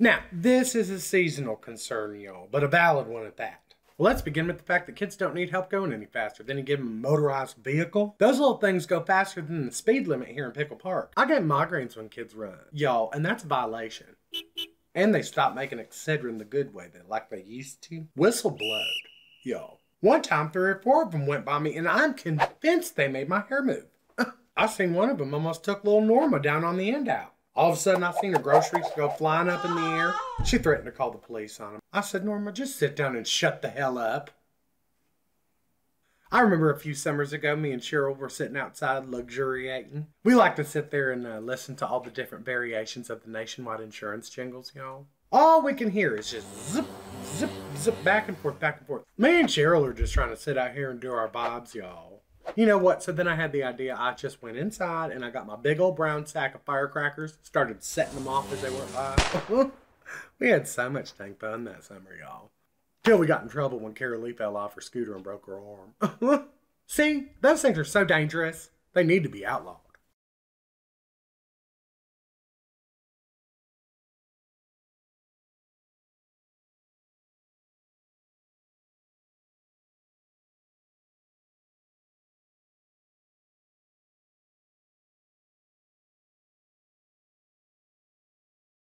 Now, this is a seasonal concern, y'all, but a valid one at that. Let's begin with the fact that kids don't need help going any faster. Then you give them a motorized vehicle. Those little things go faster than the speed limit here in Pickle Park. I get migraines when kids run, y'all, and that's a violation. And they stopped making Excedrin the good way, they, like they used to. Whistle blowed, y'all. One time, three or four of them went by me, and I'm convinced they made my hair move. I seen one of them almost took little Norma down on the end out. All of a sudden, I seen her groceries go flying up in the air. She threatened to call the police on him. I said, Norma, just sit down and shut the hell up. I remember a few summers ago, me and Cheryl were sitting outside luxuriating. We like to sit there and uh, listen to all the different variations of the nationwide insurance jingles, y'all. All we can hear is just zip, zip, zip, back and forth, back and forth. Me and Cheryl are just trying to sit out here and do our bobs, y'all. You know what? So then I had the idea. I just went inside and I got my big old brown sack of firecrackers, started setting them off as they went by. we had so much tank fun that summer, y'all. Till we got in trouble when Carolee fell off her scooter and broke her arm. See, those things are so dangerous. They need to be outlawed.